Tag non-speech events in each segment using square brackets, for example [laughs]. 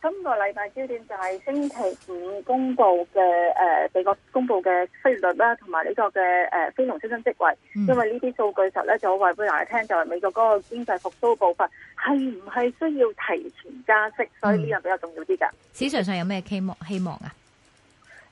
今個禮拜焦點就係星期五公布嘅，誒，美國公布嘅失業率啦，同埋呢個嘅誒非農新增職位，因為呢啲數據實咧就好話俾大家聽就係、是、美國嗰個經濟復甦步伐，係唔係需要提前加息，所以呢樣比較重要啲噶、嗯。市場上有咩期望希望啊？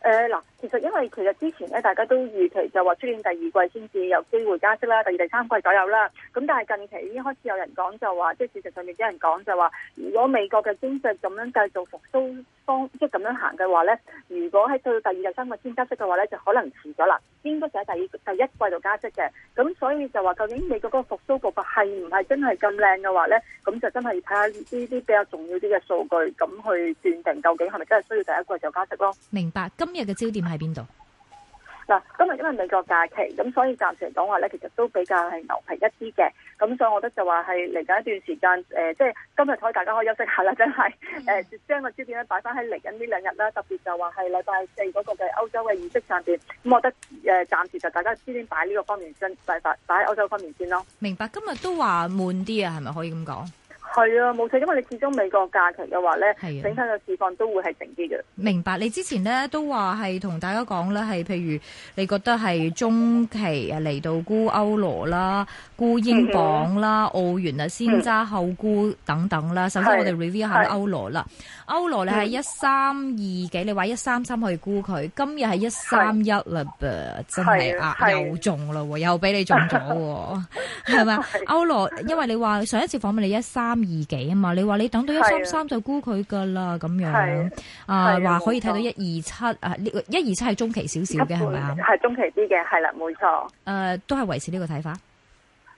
誒嗱、呃，其實因為其實之前咧，大家都預期就話出年第二季先至有機會加息啦，第二第三季左右啦。咁但係近期已經開始有人講就話，即、就、係、是、事實上面，有人講就話，如果美國嘅經濟咁樣繼續復甦。方即係咁樣行嘅話咧，如果喺到第二、第三個天加息嘅話咧，就可能遲咗啦。應該就喺第二、第一季度加息嘅，咁所以就話究竟美國嗰個復蘇步伐係唔係真係咁靚嘅話咧，咁就真係要睇下呢啲比較重要啲嘅數據，咁去斷定究竟係咪真係需要第一季就加息咯。明白，今日嘅焦點喺邊度？嗱，今日因為美國假期，咁所以暫時嚟講話咧，其實都比較係牛皮一啲嘅，咁所以我覺得就話係嚟緊一段時間，呃、即係今日可以大家可以休息一下啦，真係誒，將、呃 mm hmm. 個焦點咧擺翻喺嚟緊呢兩日啦，特別就話係禮拜四嗰個嘅歐洲嘅議息上邊，咁我覺得誒暫時就大家先擺呢個方面先，擺擺喺歐洲方面先咯。明白，今日都話悶啲啊，係咪可以咁講？係啊，冇錯，因為你始終美國假期嘅話咧，整體嘅市況都會係靜啲嘅。明白，你之前咧都話係同大家講啦，係譬如你覺得係中期啊嚟到沽歐羅啦、沽英鎊啦、澳元啊，先揸後沽等等啦。首先我哋 review 一下歐羅啦。歐羅你係一三二幾？你話一三三可以沽佢，今日係一三一啦噃，真係啊，又中啦喎，又俾你中咗喎，係咪？歐羅，因為你話上一次訪問你一三二幾啊嘛？你話你等到一三三就沽佢噶啦咁樣 1, 錯 1, 2, 7, 啊，話可以睇到一二七啊，呢個一二七係中期少少嘅係咪啊？係中期啲嘅，係啦吧，冇錯。誒、呃，都係維持呢個睇法。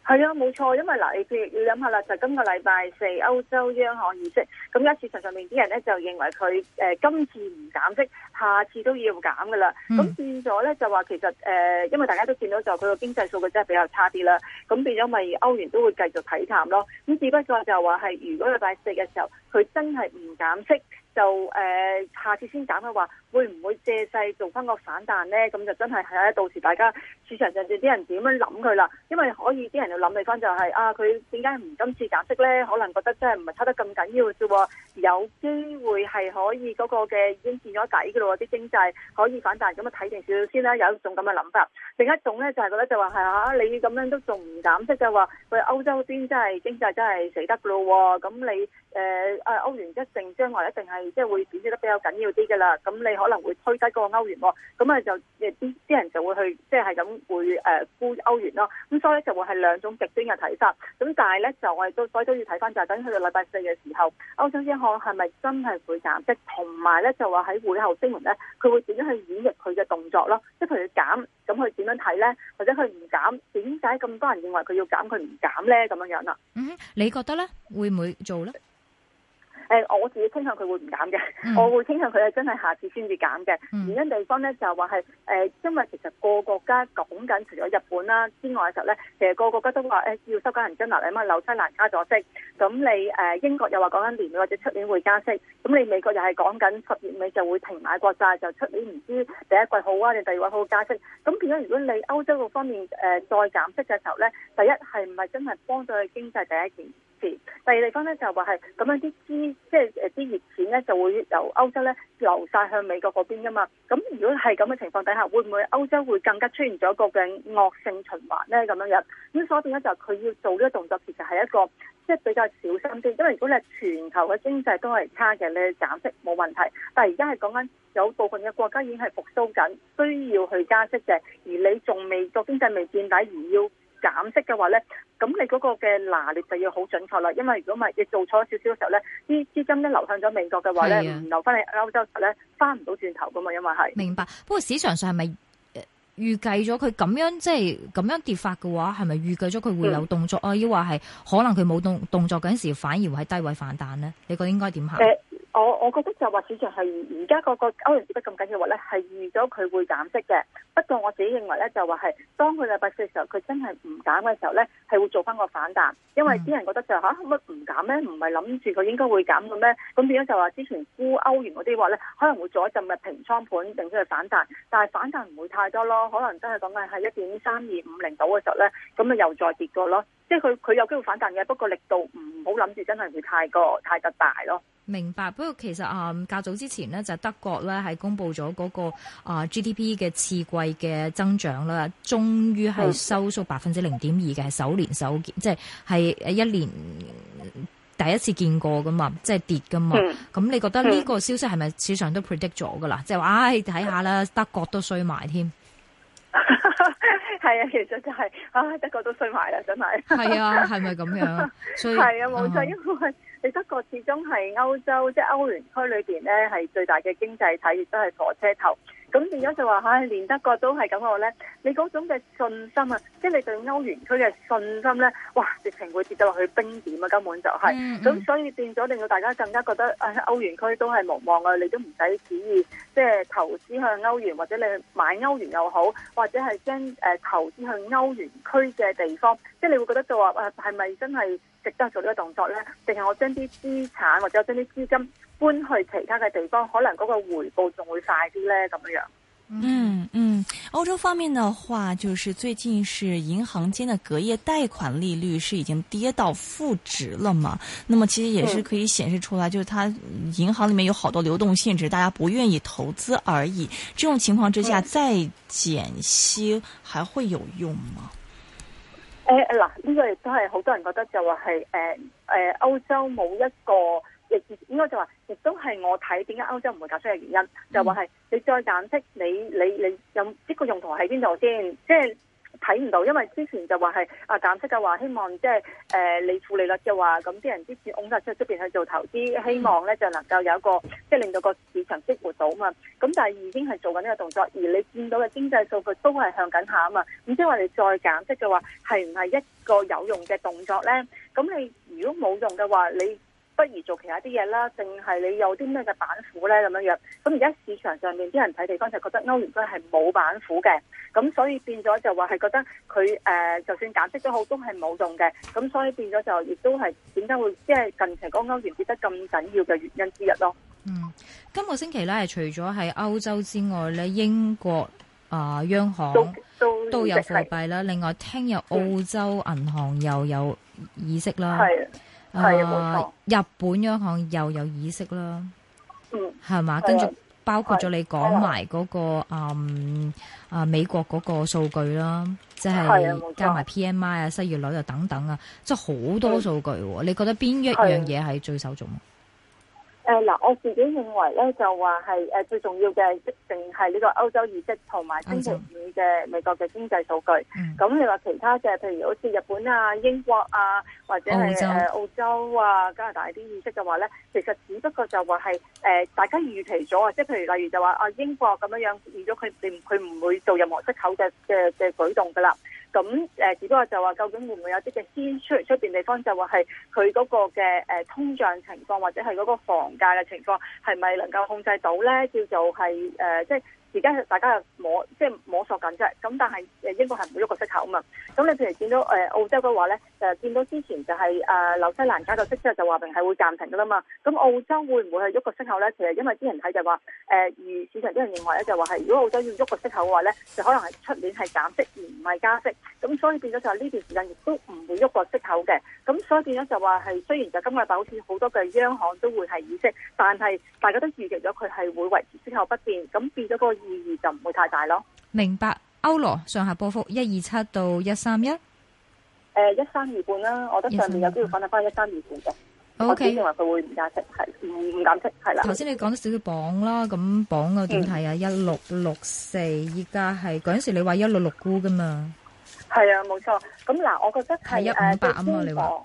係啊，冇錯，因為嗱，你譬如要諗下啦，就今個禮拜四歐洲央行議息，咁有市場上面啲人咧就認為佢、呃、今次唔減息，下次都要減噶啦。咁、嗯、變咗咧就話其實誒、呃，因為大家都見到就佢個經濟數據真係比較差啲啦，咁變咗咪歐元都會繼續睇淡咯。咁只不過就話係，如果禮拜四嘅時候佢真係唔減息。就誒、呃，下次先減嘅話，會唔會借勢做翻個反彈呢？咁就真係喺到時，大家市場上邊啲人點樣諗佢啦？因為可以啲人要想就諗你翻就係啊，佢點解唔今次減息呢？可能覺得真係唔係差得咁緊要啫，有機會係可以嗰個嘅已經見咗底嘅咯，啲經濟可以反彈，咁啊睇定少少先啦。有一種咁嘅諗法，另一種呢，就係、是、覺得就話係啊，你咁樣都仲唔減息就話喂，歐洲邊真係經濟真係死得嘅咯，咁你誒啊、呃、歐元一定將來一定係。即係會貶值得比較緊要啲嘅啦，咁你可能會推低嗰個歐元，咁啊就啲啲人就會去即係咁會誒沽歐元咯，咁所以咧就會係兩種極端嘅睇法，咁但係咧就我哋都所以都要睇翻就係等佢到禮拜四嘅時候，歐央行係咪真係會減息，同埋咧就話喺會後聲明咧，佢會點樣去演繹佢嘅動作咯，即係譬如減，咁佢點樣睇咧，或者佢唔減，點解咁多人認為佢要減，佢唔減咧咁樣樣啦？嗯，你覺得咧，會唔會做咧？誒、嗯，我自己傾向佢會唔減嘅，我會傾向佢係真係下次先至減嘅。原因、嗯、地方咧就係話係誒，因為其實個國家講緊除咗日本啦、啊、之外嘅時候咧，其實個國家都話、哎、要收緊銀根啦，因為，紐西蘭加咗息。咁你誒、呃、英國又話講緊年尾或者出年會加息，咁你美國又係講緊十月尾就會停買國債，就出年唔知第一季好啊定第二季好加息。咁變咗如果你歐洲嗰方面、呃、再減息嘅時候咧，第一係唔係真係幫到佢經濟第一件？第二地方咧就話係咁樣啲資，即係誒啲熱錢咧就會由歐洲咧流晒向美國嗰邊㗎嘛。咁如果係咁嘅情況底下，會唔會歐洲會更加出現咗一個嘅惡性循環咧？咁樣樣咁所以咧就佢、是、要做呢個動作，其實係一個即係、就是、比較小心啲，因為如果你係全球嘅經濟都係差嘅咧，減息冇問題。但係而家係講緊有部分嘅國家已經係復蘇緊，需要去加息嘅，而你仲未個經濟未見底而要。減息嘅話咧，咁你嗰個嘅拿捏就要好準確啦，因為如果咪你做錯少少嘅時候咧，啲資金一流向咗美國嘅話咧，唔留翻喺歐洲咧，翻唔到轉頭噶嘛，因為係。為明白，不過市場上係咪預計咗佢咁樣即係咁樣跌法嘅話，係咪預計咗佢會有動作、嗯、啊？抑或係可能佢冇動動作嗰陣時，反而會喺低位反彈咧？你覺得應該點行？欸我我覺得就話市場係而家嗰個歐元跌得咁緊嘅話咧，係預咗佢會減息嘅。不過我自己認為咧，就話係當佢禮拜四嘅時候，佢真係唔減嘅時候咧，係會做翻個反彈，因為啲人覺得就嚇乜唔減咩？唔係諗住佢應該會減嘅咩？咁變咗就話之前沽歐元嗰啲話咧，可能會做一陣嘅平倉盤，定到去反彈，但係反彈唔會太多咯。可能真係講緊係一點三二五零度嘅時候咧，咁啊又再跌過咯。即係佢佢有機會反彈嘅，不過力度唔好諗住真係會太過太過大咯。明白，不過其實啊，較早之前呢，就是、德國咧係公布咗嗰個啊 GDP 嘅次季嘅增長啦，終於係收縮百分之零點二嘅首年首即係係誒一年第一次見過噶、就是、嘛，即係跌噶嘛。咁你覺得呢個消息係咪市場都 predict 咗噶啦？即係話唉，睇下啦，看看嗯、德國都衰埋添。係啊，其實就係、是、啊，德國都衰埋啦，真係。係啊，係咪咁樣？係 [laughs] 以啊，冇錯，嗯、哼因為你德國始終係歐洲，即係歐元區裏邊咧係最大嘅經濟體，亦都係火車頭。咁變咗就話嚇、哎，連德國都係咁嘅話咧，你嗰種嘅信心啊，即係你對歐元區嘅信心咧，哇，直情會跌到落去冰點啊！根本就係、是，咁、嗯、所，所以變咗令到大家更加覺得哎、歐元區都係無望啊！你都唔使旨意，即係投資去歐元或者你買歐元又好，或者係將、呃、投資去歐元區嘅地方，即係你會覺得就話係咪真係值得做呢個動作咧？定係我將啲資產或者我將啲資金？搬去其他嘅地方，可能嗰個回報仲會快啲咧，咁樣樣。嗯嗯，歐洲方面的話，就是最近是銀行間的隔夜貸款利率是已經跌到負值了嘛？那麼其實也是可以顯示出來，嗯、就是它銀行裏面有好多流動性質，大家不願意投資而已。這種情況之下，嗯、再減息還會有用嗎？誒嗱、哎，呢個亦都係好多人覺得就話係誒誒，歐洲冇一個。亦應該就話，亦都係我睇點解歐洲唔會減息嘅原因，嗯、就話係你再減息，你你你有呢個用途喺邊度先？即係睇唔到，因為之前就話係、啊、的話係啊減息就話希望即係誒你負利率嘅話，咁啲人啲錢㧬曬出出邊去做投資，希望咧就能夠有一個即係、就係、令到個市場激活到啊嘛。咁但係已經係做緊呢個動作，而你見到嘅經濟數據都係向緊下啊嘛。咁即係話你再減息就話係唔係一個有用嘅動作咧？咁你如果冇用嘅話，你。不如做其他啲嘢啦，定係你有啲咩嘅板斧呢？咁樣樣。咁而家市場上面啲人睇地方就覺得歐元真係冇板斧嘅，咁所以變咗就話係覺得佢誒就算減息都好都係冇用嘅。咁所以變咗就亦都係點解會即係近期講歐元跌得咁緊要嘅原因之一咯。嗯，今個星期咧係除咗喺歐洲之外咧，英國啊、呃、央行都都有貨幣啦。另外聽日澳洲銀行又有意識啦。係。係啊，是是日本央行又有意識啦，嗯，係嘛吧，的跟住包括咗你講埋嗰個的嗯啊美國嗰個數據啦，即係加埋 PMI 啊，啊、失業率啊等等啊，即係好多數據喎、啊。的你覺得邊一樣嘢係最受重？誒，嗱、呃、我自己認為咧，就話係誒最重要嘅，一定係呢個歐洲議息同埋星期五嘅美國嘅經濟數據。咁洲你話其他嘅，譬如好似日本啊、英國啊，或者係誒澳洲啊、加拿大啲議息嘅話咧，其實只不過就話係誒大家預期咗啊，即係譬如例如就話啊英國咁樣樣，預咗佢佢唔會做任何出口嘅嘅嘅舉動噶啦。咁誒，只不過就話，究竟會唔會有啲嘅先出嚟出邊地方，就話係佢嗰個嘅誒通脹情況，或者係嗰個房價嘅情況，係咪能夠控制到咧？叫做係誒、呃，即係。而家大家摸即係、就是、摸索緊啫，咁但係誒英國係唔會喐個息口啊嘛，咁你譬如見到澳洲嘅話咧，就見到之前就係、是、誒、呃、紐西蘭加個息之後就話明係會暫停噶啦嘛，咁澳洲會唔會係喐個息口咧？其實因為啲人睇就話誒、呃，而市場啲人認為咧就話、是、係，如果澳洲要喐個息口嘅話咧，就可能係出年係減息而唔係加息，咁所以變咗就係呢段時間亦都唔會喐個息口嘅。咁、嗯、所以變咗就話係雖然就今日好似好多嘅央行都會係議息，但係大家都預期咗佢係會維持之後不變，咁變咗嗰個意義就唔會太大咯。明白。歐羅上下波幅一二七到一三一，誒一三二半啦，我覺得上面有機 okay. 會反彈翻一三二半嘅。O K，認為佢會唔加息？係唔唔減息？係啦。頭先、嗯、你講啲少少榜啦，咁榜我點睇啊，一六六四依家係嗰陣時你話一六六沽㗎嘛？係啊，冇錯。咁嗱，我覺得係誒、uh, 英鎊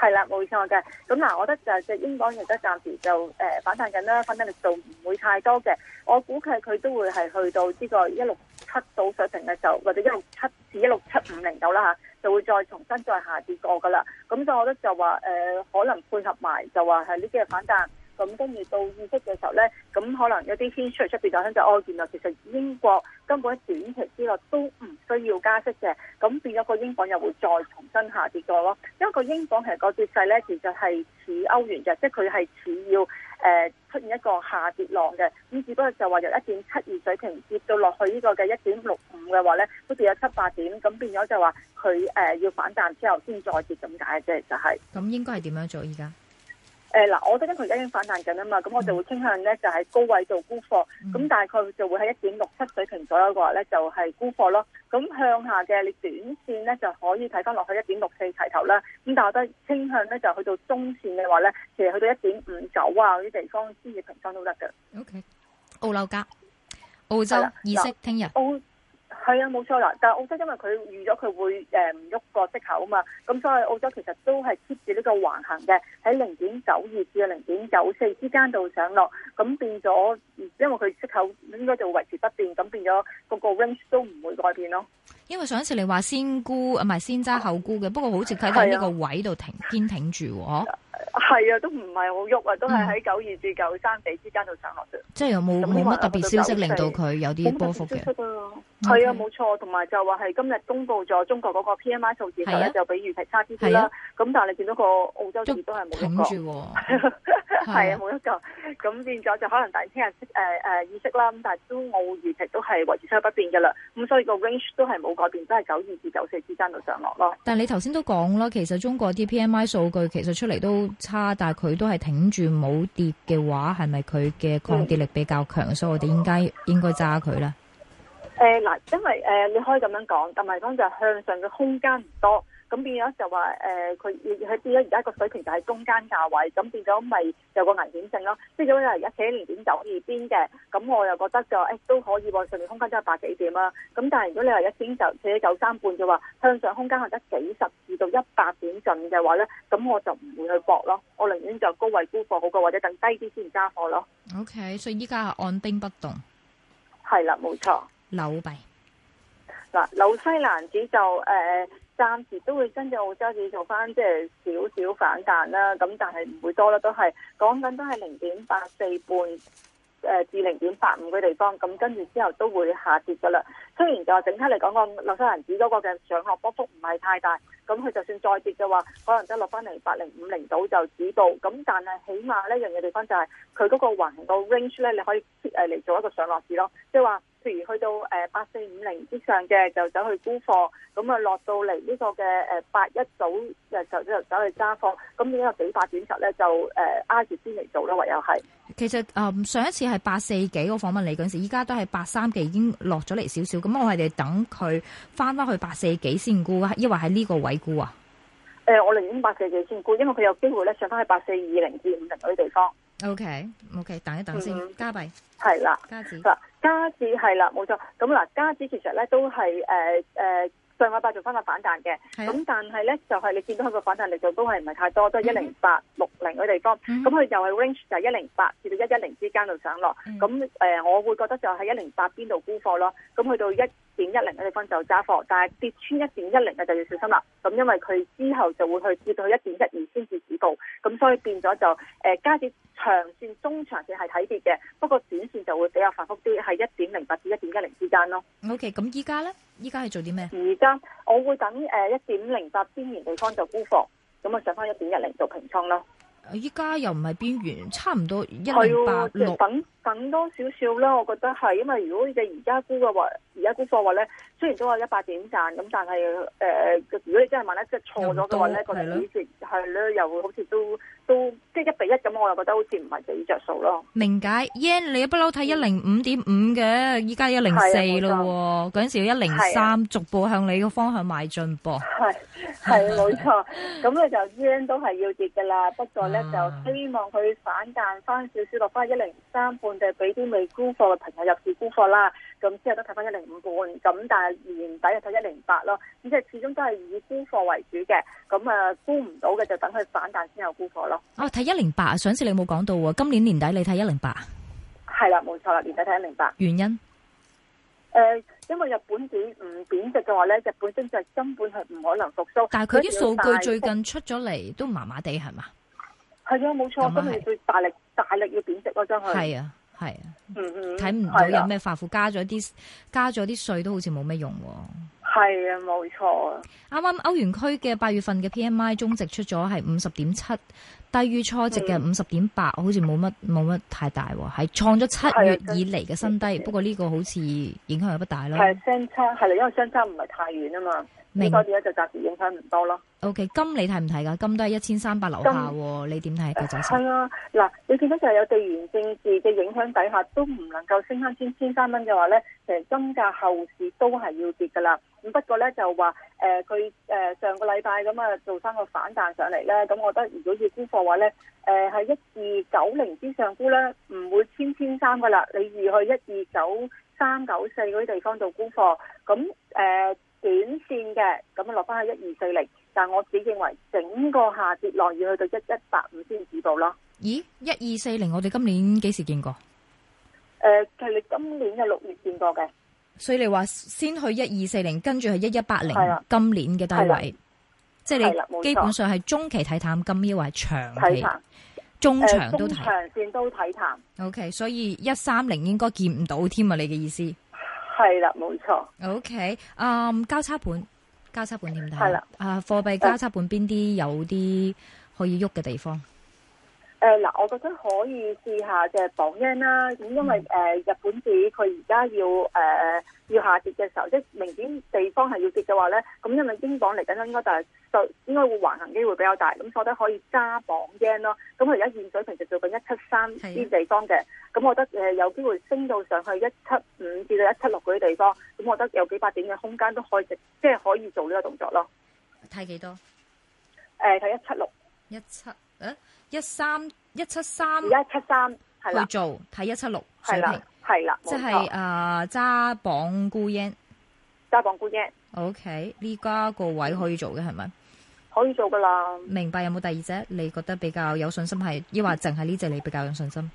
係啦，冇錯嘅。咁嗱，我覺得就係英鎊亦都暫時就誒反彈緊啦，反彈力，力度唔會太多嘅。我估計佢都會係去到呢個一六七到水平嘅時候，或者一六七至一六七五零度啦吓，就會再重新再下跌過噶啦。咁所以我覺得就話誒、呃、可能配合埋就話係呢啲嘅反彈。咁跟住到議息嘅時候咧，咁可能有啲先出嚟出市就響就哦，原來其實英國根本喺短期之內都唔需要加息嘅，咁變咗個英鎊又會再重新下跌過咯。因為個英鎊其實個跌勢咧，其實係似歐元嘅，即係佢係似要誒、呃、出現一個下跌浪嘅。咁只不過就話由一點七二水平到跌到落去呢個嘅一點六五嘅話咧，好似有七八點，咁變咗就話佢誒要反彈之後先再跌咁解嘅啫，就係。咁應該係點樣做依家？誒，嗱、欸，我覺得佢而家已經反彈緊啊嘛，咁我就會傾向咧就喺、是、高位做沽貨，咁大概就會喺一點六七水平左右嘅話咧，就係、是、沽貨咯。咁向下嘅，你短線咧就可以睇返落去一點六四齊頭啦。咁但我覺得傾向咧就去到中線嘅話咧，其實去到一點五九啊啲地方先至平倉都得嘅。O.K. 澳紐加、澳洲意識聽日。係啊，冇錯啦。但係澳洲因為佢預咗佢會誒唔喐個息口啊嘛，咁所以澳洲其實都係 keep 住呢個橫行嘅，喺零點九二至零點九四之間度上落，咁變咗，因為佢息口應該就維持不變，咁變咗個個 range 都唔會改變咯。因為上一次你話先沽啊，唔係先揸後沽嘅，不過好似睇翻呢個位度停、啊、堅挺住喎，係啊，啊，都唔係好喐啊，都係喺九二至九三四之間度上落。即係有冇冇乜特別消息到94，令到佢有啲波幅嘅？係啊，冇錯，同埋就話係今日公布咗中國嗰個 P M I 數字，第一、啊、就比預期差啲啲啦。咁、啊、但係你見到個澳洲都係冇一個，係啊，冇一個。咁變咗就可能大聽日誒誒意識啦。咁、呃呃、但係都澳月息都係維持收不變噶啦。咁所以個 range 都係冇改變，都係九二至九四之間度上落咯。但係你頭先都講啦，其實中國啲 P M I 數據其實出嚟都差，但係佢都係頂住冇跌嘅話，係咪佢嘅抗跌力比較強，嗯、所以我哋應該應該揸佢啦。誒，嗱、呃，因為誒、呃，你可以咁樣講，同埋講就是向上嘅空間唔多，咁變咗就話誒，佢而係變咗而家個水平就喺中間價位，咁變咗咪有個危險性咯。即、就、係、是欸、如果你係一企喺年點九二邊嘅，咁我又覺得就誒都可以往上面空間都有百幾點啦。咁但係如果你係一升就企喺九三半嘅話，向上空間係得幾十至到一百點進嘅話咧，咁我就唔會去搏咯，我寧願就高位沽貨好過或者等低啲先加貨咯。OK，所以依家係按兵不動，係啦，冇錯。紐幣嗱，紐西蘭紙就誒、呃，暫時都會跟住澳洲紙做翻，即係少少反彈啦。咁但係唔會多啦，都係講緊都係零點八四半誒、呃、至零點八五嘅地方。咁跟住之後都會下跌噶啦。雖然就整體嚟講，個紐西蘭紙嗰個嘅上落波幅唔係太大。咁佢就算再跌嘅話，可能都落翻嚟八零五零到就止到。咁但係起碼呢樣嘅地方就係佢嗰個橫個 range 咧，你可以誒嚟做一個上落市咯，即係話。譬如去到誒八四五零之上嘅，就走去沽貨咁啊，落到嚟呢個嘅誒八一早，就就走去揸貨咁，呢個幾百點值咧，就誒挨住先嚟做咯，唯有係其實啊、呃，上一次係八四幾我訪問你嗰陣時，依家都係八三幾已經落咗嚟少少，咁我係哋等佢翻翻去八四幾先沽，抑或喺呢個位沽啊？誒、呃，我寧願八四幾先沽，因為佢有機會咧上翻去八四二零至五零嗰啲地方。OK，OK，okay, okay, 等一等先，嗯、加幣係啦，的加錢錢。加指係啦，冇錯。咁嗱，加指其實咧都係誒、呃呃、上個八做翻個反彈嘅。咁的但係咧就係、是、你見到佢個反彈力度都係唔係太多，都係一零八六零嘅地方。咁佢、嗯嗯、就係 range 就係一零八至到一一零之間度上落。咁、嗯嗯呃、我會覺得就係一零八邊度沽貨咯。咁去到一。點一零嘅地方就揸貨，但係跌穿一點一零嘅就要小心啦。咁因為佢之後就會去跌到去一點一二先至止步，咁所以變咗就誒，加跌長線、中長線係睇跌嘅，不過短線就會比較反復啲，係一點零八至一點一零之間咯。O K，咁依家呢？依家係做啲咩？而家我會等誒，一點零八邊緣地方就沽貨，咁啊上翻一點一零做平倉咯。依家又唔係邊緣，差唔多、哦、多一八六，等等多少少啦，我覺得係，因為如果你哋而家沽嘅話，而家沽貨咧，雖然都係一百點賺，咁但係誒、呃，如果你真係萬一即係錯咗嘅話咧，個市值係咧，又好似都。都即係一比一咁，我又覺得好似唔係幾着數咯。明解 yen，你不嬲睇一零五點五嘅，依家一零四咯。嗰陣時要一零三，逐步向你個方向邁進噃。係，係冇錯，咁咧就 yen 都係要跌㗎啦。不過咧、嗯、就希望佢反彈翻少少，落翻一零三半，就係俾啲未沽貨嘅朋友入市沽貨啦。咁之後都睇翻一零五半，咁但係年底就睇一零八咯，即係始終都係以沽貨為主嘅，咁啊沽唔到嘅就等佢反彈先有沽貨咯。哦，睇一零八，上次你冇講到喎，今年年底你睇一零八？係啦，冇錯啦，年底睇一零八。原因？誒，因為日本貶唔貶值嘅話咧，日本經濟根本係唔可能復甦。但係佢啲數據最近出咗嚟都麻麻地係嘛？係啊，冇錯，就是、今日要大力大力要貶值咯，真係。係啊。係，睇唔到有咩化腐，加咗啲加咗啲稅都好似冇咩用。係啊，冇錯啊。啱啱歐元區嘅八月份嘅 PMI 終值出咗係五十點七，低於初值嘅五十點八，好似冇乜冇乜太大，係創咗七月以嚟嘅新低。的的不過呢個好似影響又不大咯。係相差，係啦，因為相差唔係太遠啊嘛。呢個點咧就暫時影響唔多咯。O、okay, K，金你睇唔睇噶？金都係一千三百樓下，你點睇？個仔係啊！嗱，你見到就係有地緣政治嘅影響底下，都唔能夠升翻千千三蚊嘅話咧，成金價後市都係要跌噶啦。咁不過咧就話誒，佢、呃、誒、呃呃、上個禮拜咁啊做翻個反彈上嚟咧，咁我覺得如果要沽貨嘅話咧，誒係一二九零之上沽咧，唔會千千三嘅啦。你預去一二九。三九四嗰啲地方做沽貨，咁誒、呃、短線嘅，咁啊落翻去一二四零，但係我只認為整個下跌浪要去到一一八五先止步咯。咦？一二四零我哋今年幾時見過？誒、呃，佢哋今年嘅六月見過嘅。所以你話先去一二四零，跟住去一一八零，今年嘅低位，即係你基本上係中期睇淡金，抑或係長嘅。體中長都睇，長線都睇淡。OK，所以一三零應該見唔到添啊！你嘅意思係啦，冇錯。O K，啊，交叉盤交叉盤點睇？係啦的，啊，貨幣交叉盤邊啲有啲可以喐嘅地方？誒，嗱，我覺得可以試下嘅港元啦，咁因為誒日本紙佢而家要誒。呃要下跌嘅時候，即係明顯地方係要跌嘅話咧，咁因為英鎊嚟緊都應該就係就應該會橫行機會比較大，咁所以我覺得可以加磅 yen 咯。咁佢而家現水平就做緊一七三啲地方嘅，咁的我覺得誒有機會升到上去一七五至到一七六嗰啲地方，咁我覺得有幾百點嘅空間都可以即係、就是、可以做呢個動作咯。睇幾多？誒、欸，睇一七六。一七、啊？誒？一三？一七三？一七三。去做睇一七六水平，係啦，是即係誒揸榜孤圓，揸榜孤圓。O K，呢家個位置可以做嘅係咪？可以做噶啦。明白有冇第二隻？你覺得比較有信心係，抑或淨係呢隻這隻你比較有信心？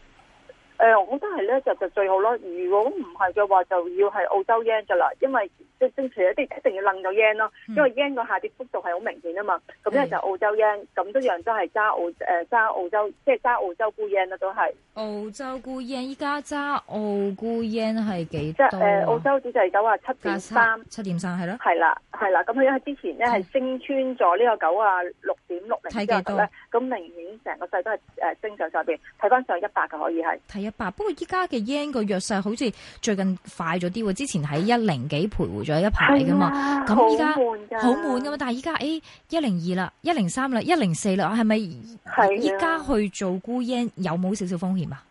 誒、呃，我覺得係咧就就最好啦。如果唔係嘅話，就要係澳洲圓噶啦，因為。即係正常咧，即一定要愣到 yen 咯，因為 yen 個下跌幅度係好明顯啊嘛。咁因為就澳洲 yen，咁都樣都係揸澳誒揸澳洲，即係揸澳洲沽 yen 啊都係。澳洲沽 yen 依家揸澳沽 yen 係幾即係誒澳洲指就係九啊七點三。七點三係咯。係啦，係啦。咁佢因為之前咧係升穿咗呢個九啊六點六零之後咧，咁明顯成個勢都係誒升上上邊，睇翻上一百嘅可以係。睇一百，不過依家嘅 yen 個弱勢好似最近快咗啲喎，之前喺一零幾徘徊。咗一排噶嘛，咁依家好悶噶嘛，但係依家誒一零二啦，一零三啦，一零四啦，係咪係，依家去做沽煙有冇少少風險啊？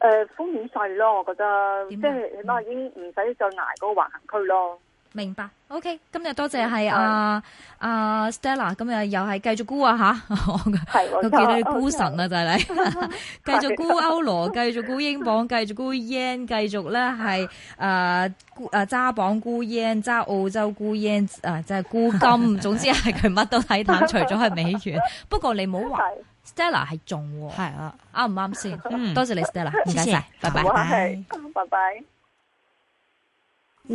誒、呃，風險細咯，我覺得即係樣、就是、已經唔使再捱嗰個橫行區咯。明白，OK，今日多謝係阿阿 Stella，今日又係繼續沽啊吓，我記得沽神啊就係你，繼續沽歐羅，繼續沽英鎊，繼續沽 yen，繼續咧係誒誒揸鎊沽 yen，揸澳洲沽 yen 啊，就係沽金，總之係佢乜都睇淡，除咗係美元。不過你唔好話 Stella 係中，係啊，啱唔啱先？多謝你 Stella，唔該晒，拜拜，拜拜。